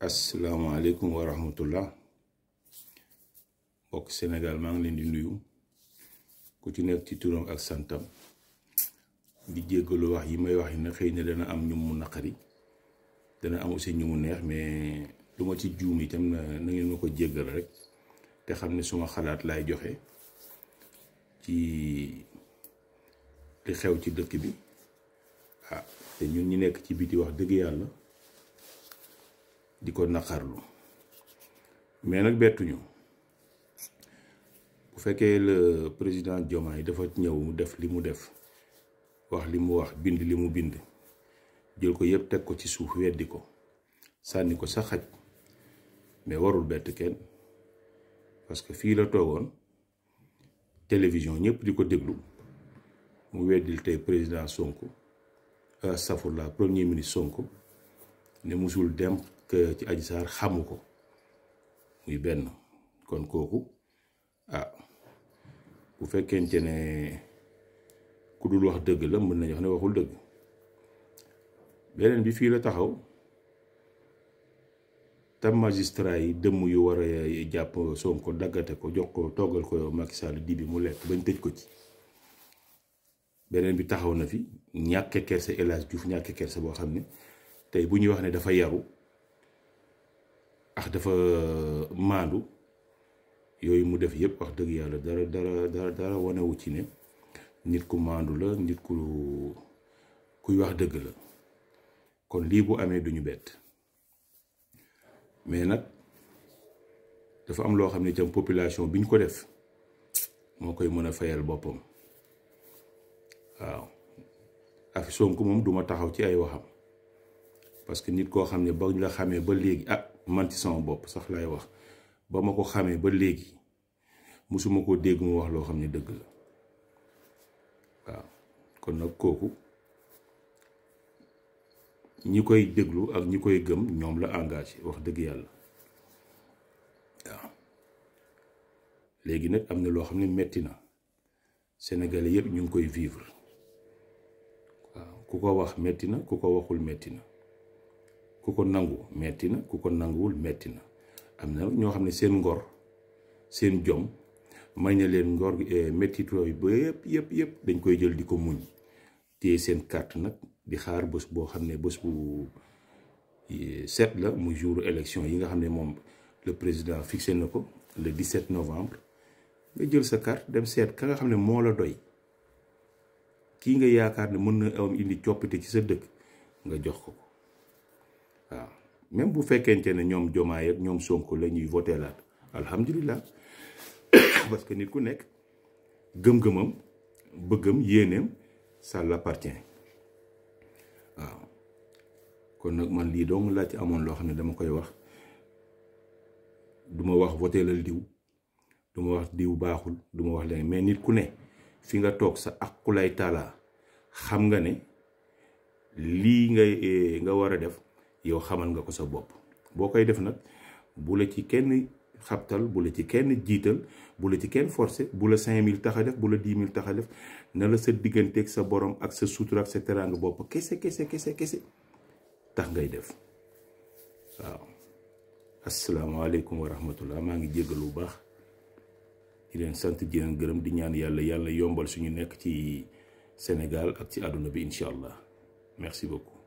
Assalamualaikum warahmatullah. rahmatullah senegal mang len di nuyu ku ci nek ci turum ak santam di jéggalu wax yi may wax na dana am ñu mu nakari dana am aussi ñu mu neex mais duma ci juum itam na ngeen mako djegal rek te xamni suma xalaat lay joxe ci li xew ci dëkk bi ah te ñun ñi nek ci biti wax deug yalla di ko naqarlu mais nag bettuñu bu fekkee le président yi dafa ñëw mu def li mu def wax li mu wax bind li mu bind jël ko yëpp teg ko ci suuf weddi ko sànni ko sa xaj mais warul bett kenn parce que fii la toogoon télévision ñëpp di ko déglu mu weddil tey président Sonko euh, safur la premier ministre Sonko ne musul dem ci Adji Sarr xamu ko muy benn kon kooku ah bu fekkente ne ku dul wax dëgg la mën nañ wax ne waxul dëgg beneen bi fii la taxaw tam magistra yi dëmm yu war a jàpp Sonko daggate ko jox ko toggal ko yow Macky Sall di bi mu lekk bañ tëj ko ci beneen bi taxaw na fi ñàkk kersa El Hadji Diouf ñàkke boo xam ne tey bu ñuy wax ne dafa yaru ax dafa maandu yooyu mu def yëpp wax dëgg yàlla dara dara dara dara wanewu ci ne nit ku maandu la nit ku kuy wax dëgg la kon lii bu amee duñu bett mais nag dafa am loo xam ne itam population bi ñu ko def moo koy mën a fayal boppam waaw afi Sonko moom duma taxaw ci ay waxam parce que nit koo xam ne ba ñu la xamee ba léegi ah man ci sama bopp sax laay wax ba ma ko xamee ba léegi musuma ko dégg mu wax loo xam ne dëgg la waaw kon nag kooku ñi koy déglu ak ñi koy gëm ñoom la engagé wax dëgg yàlla waaw léegi nag am na loo xam ne metti na Sénégalais yëpp ñu ngi koy vivre waaw ku ko wax metti na ku ko waxul metti na ku ko nangu metti na ku ko nanguwul metti na am na ñoo xam ne seen ngor seen jom may na leen ngor eh, mettit yooyu ba yëpp yëpp yëpp dañ koy jël di ko muñ téye seen carte nag bi xaar bës boo xam ne bës bu eh, set la muy jour élection yi nga xam ne moom le président fixé na ko le 17 novembre nga jël sa carte dem seet ka nga xam ne moo la doy kii nga yaakaar ne mën na am indi coppite ci sa dëkk nga jox ko waaw même bu fekkente ne ñoom Jomaay ak ñoom Sonko la ñuy voté alhamdulilah parce que nit ku nekk gëm-gëmam bëggam yéeneem ça l'appartient waaw kon nag man lii dong laa ci amoon loo xam ne dama koy wax duma wax votelal diw duma wax diw baaxul duma wax leneen mais nit ku ne fi nga toog sa akkulay taalaa xam nga ne lii nga eh, nga war a def yow xamal nga ko sa bop bokay def nak bu la ci kenn xaptal bu la ci kenn jital bu la ci kenn forcer bu la 5000 tax def bu la 10000 000 def na la sa digganteeg sa borom ak sa sutura ak sa terang bop kese kese kese kese tax ngay def waaw alaykum wa rahmatullah ma ngi jéggal bu baax di len sante di len gërem di ñaan yalla yalla yombal suñu nek ci senegal ak ci aduna bi inshallah merci beaucoup